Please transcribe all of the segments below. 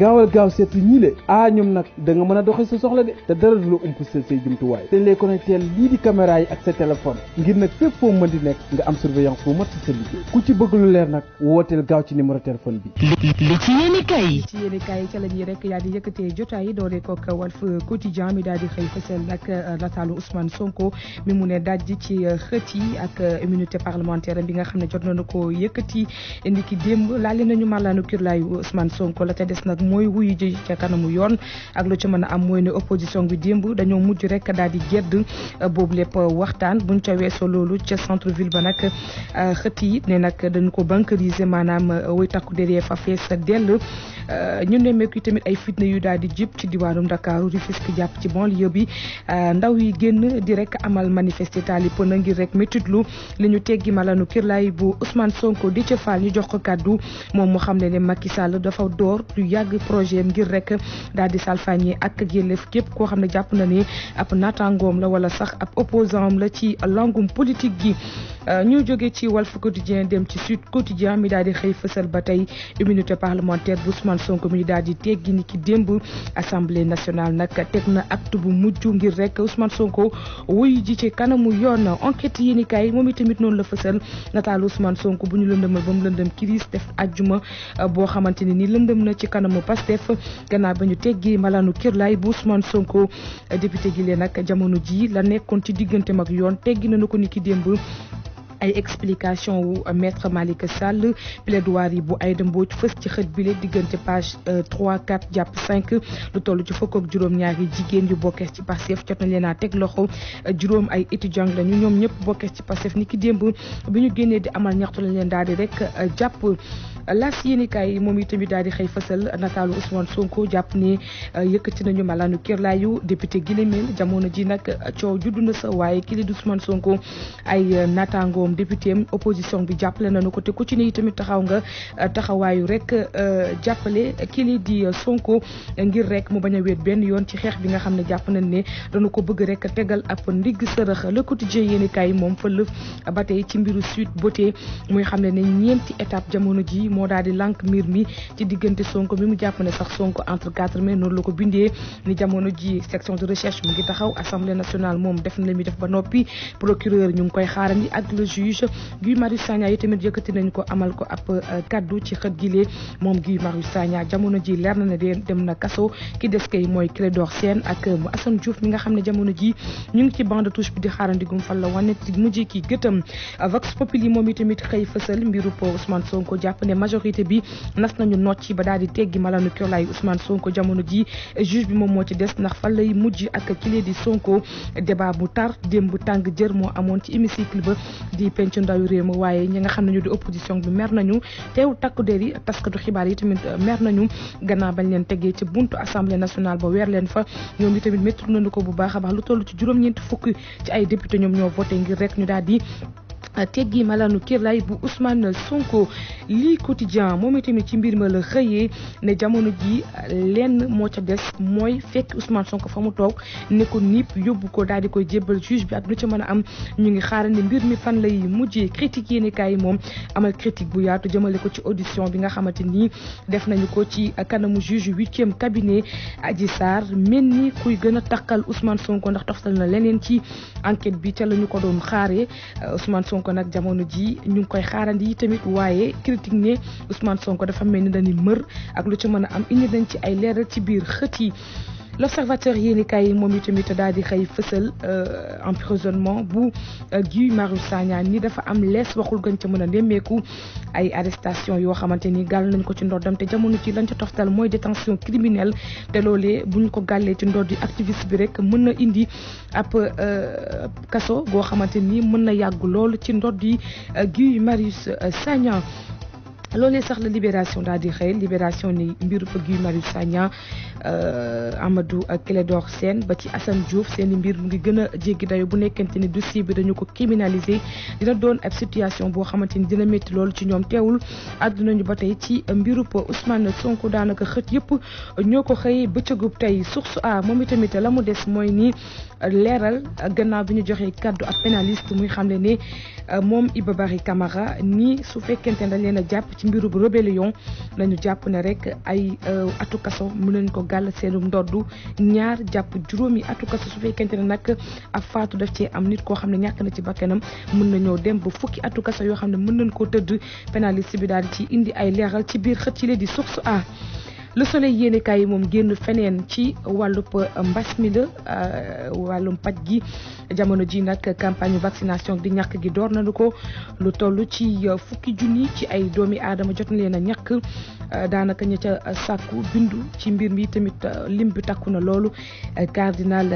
gaawal gaaw seetlu ñii le ah, ñoom nag danga mën a doxee sa soxla de te dara du la umpaseel say jumtuwaay dañ lay connecté ngir nag fépp foo mën di nekk nga am surveillance bu mat si sa liggéey ku ci bëgg lu leer nag wooteel gaaw ci numéro téléphone bi li ci yéene ci yéene kay ca la ñuy rek yaa di yëkkatee jotaay yi dooree ko ak Walf Quotidien mi daal di xëy seen nag euh, nataalu Ousmane Sonko mi mu ne dajji ci euh, xët ak euh, immunité parlementaire bi nga xam ne jot nañu ko yëkkati indi ki démb laale nañu màllaanu kirlaayu Ousmane Sonko la na nag mooy wuyu ji ca kanamu yoon ak lu ci mën a am mooy ne opposition bi démb dañoo mujj rek daal di gedd euh, boobu lépp waxtaan buñ ca weesoo loolu ca centre ville ba nag euh, xët yi ne nag dañ ko bancariser maanaam euh, way takku derrière fa fees dell ñu nemmeeku tamit ay fitne yu daal di jib ci diwaanum Dakar Rufisque jàpp ci banlieue bi ndaw yi génn di rek amal manifester taali pëna ngir rek métitlu li ñu teggi malanu lay bu Ousmane Sonko di ca faal ñu jox ko kàddu moom xam ak projet ngir rek daal di salfaañe ak yëlef képp koo xam ne jàpp na ne ab naataangoom la wala sax ab opposant am la ci langum politique gi Euh, ñu jóge ci Walf Quotidien dem ci Sud Quotidien mi daal di xëy fësal ba tey immunité parlementaire bu Ousmane Sonko mi daal di teggi ni démb assemblée nationale nag teg na acte bu mujj ngir rek Ousmane Sonko wuy ji ci kanamu yoon enquête yi ni kaay moom itamit noonu la fësal nataalu Ousmane Sonko bu ñu lëndëmal ba mu lëndëm kiris def ajjuma euh, boo xamante ne ni lëndëm na ci kanamu Pastef gannaaw ba ñu teggi malaanu kirlaay bu Ousmane Sonko euh, député gi leen nag jamono ji la nekkoon ci digganteem ak yoon teggi nañu ko ni ki démb ay explication wu euh, maître Malick Sall plaidoirie bu Aïda Mbodj fës ci xët bile diggante page 3 euh, 4 jàpp 5 lu toll ci fukk ak juróom-ñaari jigéen yu bokkee ci Pastef jot na leen a teg loxo euh, juróom ay étudiants lañu ñoom ñëpp bokkee ci Pastef ni ki démb bi ñu génnee di amal ñaxtu lañ leen daal di rek jàpp las yéenikaay moom itamit daal di xëy fësal nataalu Ousmane Sonko jàpp ne yëkkati nañu malaanu kirlaayu député Guilé Mène jamono ji nag coow juddu na sa waaye kii di Ousmane ay naataango moom député opposition bi jàppale nañu ko te ku ci ne tamit taxaw nga euh, taxawaayu rek euh, jàppale kii lii di Sonko ngir rek mu bañ a benn yoon ci xeex bi nga xam ne jàpp nañ ne dañu ko bëgg rek tegal ab ndigg sërëx le quotidien yéeni kaay moom fëlëf ba tey ci mbiru Sweet Beauté muy xam ne ne ñeenti étape jamono ji moo daal di lànk mbir mi ci diggante Sonko bi mu jàpp ne sax Sonko entre quatre mai noonu la ko bindee ni jamono ji section de recherche mu ngi taxaw assemblée nationale moom def na li noppi juge Guy Marius Sagna yi tamit yëkkati nañu ko amal ko ab euh, kaddu ci xët gilee moom Guy Marius Sagna jamono ji leer na ne dem na kaso ki des kay mooy Clédor Sène ak euh, Assane Diouf mi nga xam ne jamono ji ñu ngi ci bande touche bi di xaarandigum fan la wane mujj ki gëtam Vox Populi moom tamit xëy fësal mbiru po Ousmane Sonko jàpp ne majorité bi nas nañu nocci ba daal di teggi malanu kolay Ousmane Sonko jamono ji juge bi moom moo ci des ndax fan lay mujj ak kile di Sonko débat bu tar démb bu tàng jër moo amoon ci hémicycle ba ci penc ndawi réew mi waaye ñi xam ne ñu opposition bi mer nañu teew takku der taskatu xibaar yi tamit euh, mer nañu gannaaw bañ leen ci buntu assemblée nationale ba weer leen fa ñoom itamit méttu nañu ko bu baax a baax lu ci juróom-ñeenti fukk ci ay député ñoom ñoo voté ngir rek ñu daal teggi malaanu kirlay bu Ousmane Sonko lii quotidien moom itamit ci mbir ma la xëyee ne jamono ji lenn moo ca des mooy fekk Ousmane Sonko fa mu toog ne ko nipp yóbbu ko daal di koy jébbal juge bi ak lu ci mën a am ñu ngi xaarandi mbir mi fan lay mujjee critique yéen kaay moom amal critique bu yaatu jamale ko ci audition bi nga xamante ni def nañu ko ci kanamu juge huitième cabinet aji Sarr mel ni kuy gën a takkal Ousmane Sonko ndax toftal na leneen ci enquête bi ca la ñu ko doon xaare Ousmane sonk kon nag jamono ji ñu ngi koy di tamit waaye critique ne Ousmane Sonko dafa mel ni dañuy mër ak lu ci mën a am indi nañ ci ay leeral ci biir xët yi l'observateur yéenekaay yi moom itamit daal di xëy fësal euh, emprisonnement bu euh, Guy Marius Sagna ni dafa am lees waxul gën ca mën a nemmeeku ay arrestation yoo xamante ni gàll nañ ko ci ndoddam te jamono ci lañ ca toftal mooy détention criminelle te loole buñ ko gàllee ci ndoddi activiste bi rek mën na indi ab euh, kaso goo xamante ni mën na yàgg lool ci ndoddi Guy Marius Sagna loolee sax la libération daal di xëy libération ni mbiru fa Guy Marius Sagna euh, Amadou Clédor seen ba ci Assane Diouf seen i mbir mu ngi gën a jéggi dayo bu nekkante ni dossier bi dañu ko criminaliser dina doon ab situation boo xamante ni dina métti loolu ci ñoom teewul àdduna ñu ba tey ci mbiru pa Ousmane Sonko daanaka xët yëpp ñoo ko xëy bëccëgub tey source a moom itamit la mu des mooy ni leeral gannaaw bi ñu joxee kàddu ab pénaliste muy xamle ne euh, moom Iba Barry Camara nii su fekkente dañ leen a jàpp ci mbirub rébellion la ñu jàpp ne rek ay euh, atu kaso mu leen koo gàll seenum ndoddu ñaar jàpp juróomi atu kaso su fekkente ne nag ak faatu daf ci am nit koo xam ne ñàkk na ci bakkenam mën na ñoo dem ba fukki atu kaso yoo xam ne mën nañ koo tëdd pénaliste bi daal di ci indi ay leeral ci biir xët ci leen di source a le soleil yéenekaay yi moom génn feneen ci wàllub euh, mbas mi la euh, wàllum paj gi jamono ji nag campagne vaccination di ñàkk gi door nañu ko lu toll ci euh, fukki junni ci ay doomi aadama jot na leen ñakk daanaka ña ca sàkku bindu ci mbir mi tamit lim bi takku na loolu cardinal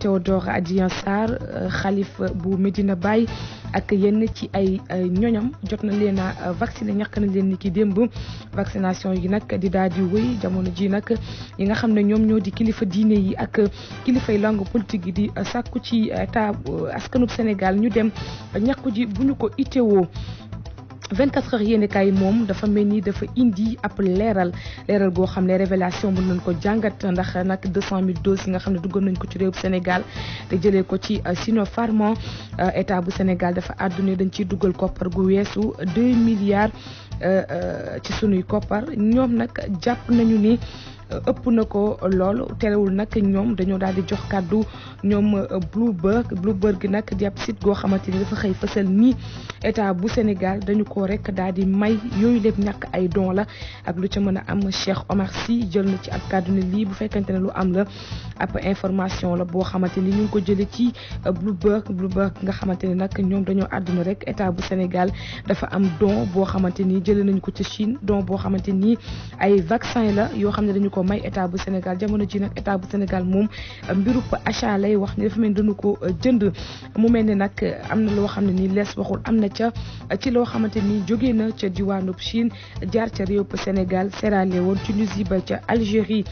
Théodore Adrien Sarr xalif bu Medina Baye ak yenn ci ay ñoñam jot na leen a vacciné na leen ni ki démb vaccination yi nag di daal wéy jamono ji nag yi nga xam ne ñoom ñoo di kilifa diine yi ak kilifay langue politique yi di sàkku ci état eh, eh, askanub Sénégal ñu dem ñàkku ji bu ñu ko itewoo 24 heures yéen kaay moom dafa mel ni dafa indi ab leeral leeral goo xam ne révélation mën nañ ko jàngat ndax nag 200000 doses yi nga xam ne duggoon nañ ko ci réew Sénégal te jëlee ko ci eh, Sinopharm état bu Sénégal dafa àdduna dañ ciy dugal koppar gu weesu 2 milliards. Euh, euh, ci sunuy koppar ñoom nag jàpp nañu ni euh, ëpp na ko lool terewul nag ñoom dañoo daal di jox kàddu ñoom Bloomberg Bloomberg gi nag di ab goo xamante ni dafa xëy fësal ni état bu Sénégal dañu ko rek daal di may yooyu lépp ñàkk ay don la ak lu ci mën a am Cheikh Omar Sy jël na ci ak kàddu ne lii bu fekkente ne lu am la ab information la boo xamante ni ñu ngi ko jëlee ci Bloomberg Bloomberg nga xamante ni nag ñoom dañoo àdduna rek état bu Sénégal dafa am don boo jëlee nañ ko ci Chine donc boo xamante nii ay vaccin la yoo xam ne dañu ko may état bu Sénégal jamono ji nag état bu Sénégal moom mbiru achat lay wax ni dafa mel dañu ko euh, jënd mu mel ne nag euh, am na loo xam ne nii lees waxul am na ca euh, ci loo xamante ni jógee na ca diwaanub Chine jaar ca réew Sénégal Sierra woon Tunisie ba ca Algérie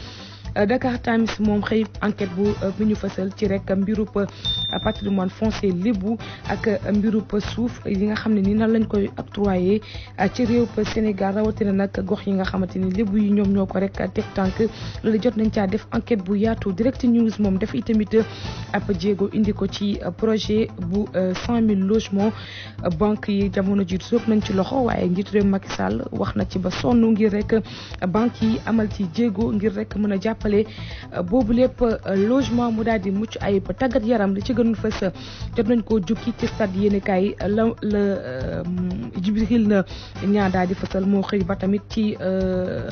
Euh, Dakar Times moom xëy enquête bu euh, bu ñu fësal ci rek mbirub euh, patrimoine foncier lébu ak mbirub suuf yi nga xam ne ni nan lañ koy octroyé ci réew Sénégal rawatina nag gox yi nga xamante ni lébu yi ñoom ñoo ko rek teg tànk loolu jot nañ caa def enquete bu yaatu direct news moom def itamit ab jéego indi ko ci projet bu cent mille logements banque yi jamono ji sóob nañ ci loxo waaye njiitu réew Macky wax na ci ba sonn ngir rek banque yi amal ci jéego ngir rek mën a jàpp jàppale euh, boobu lépp euh, logement mu daal di mucc ayib tàggat yaram li ci gënul fës jot nañ koo jukki ci stade yéenekaay la la euh, Djibril na daal di fësal moo xëy ba tamit ci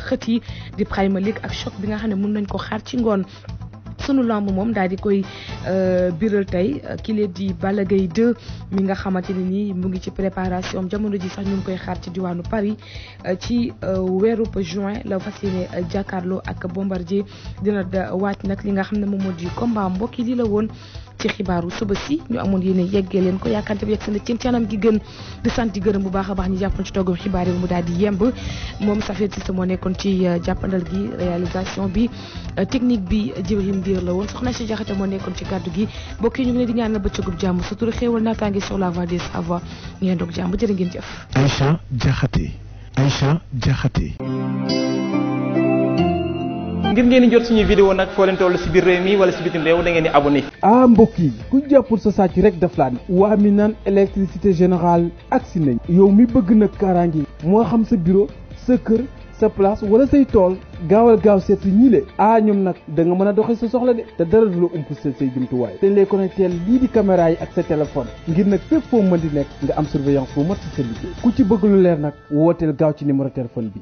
xët yi di Premier League ak choc bi nga xam ne mën nañ ko xaar ci ngoon sunu lamb moom daal di koy euh, biral tey kile di Balla Gaye 2 mi nga xamante ne nii mu ngi ci préparation jamono ji sax ñu ngi koy xaar ci diwaanu Paris euh, ci euh, weeru juin la fas yéene jàkkaarloo ak Bombardier dina waaj nag li nga xam ne moom moo di combat mbokk yi li la woon. ci xibaaru suba si ñu amoon yéene yeggee leen ko yaakaar jab yegg seen ci canam gi gën di sant gërëm bu baax a baax ñu jàppoon ci toggam xibaar mu daal di yemb moom Safet Cissé moo nekkoon ci euh, jàppandal gi réalisation bi euh, technique bi Jibril Ndiir la woon soxna si jaxate moo nekkoon ci kàddu gi mbokk yi ñu ngi leen di ñaanal bëccëgub jàmm sutura xéewal naataange sur la voie des savoirs ngeen doog jàmm jërë ngeen jëf ngir ngeen di jot suñu vidéo nag foo leen toll si biir réew mi wala si bitim réew da ngeen di abonné. ah mbokk yi ku jàppul sa sàcc rek daf laa ne. waa mi naan électricité générale agsi nañ. yow mi bëgg nag kaaraange moo xam sa biro sa kër sa place wala say tool gaawal gaaw seet si ñii le ah ñoom nag da nga mën a doxee sa soxla de te dara du la umpaseel say jumtuwaay. te ñu lay connecté lii di caméra yi ak sa téléphone ngir nag fépp foo mën di nekk nga am surveillance bu mat si sa liggéey ku ci bëgg lu leer nag wooteel gaaw ci numéro téléphone bi.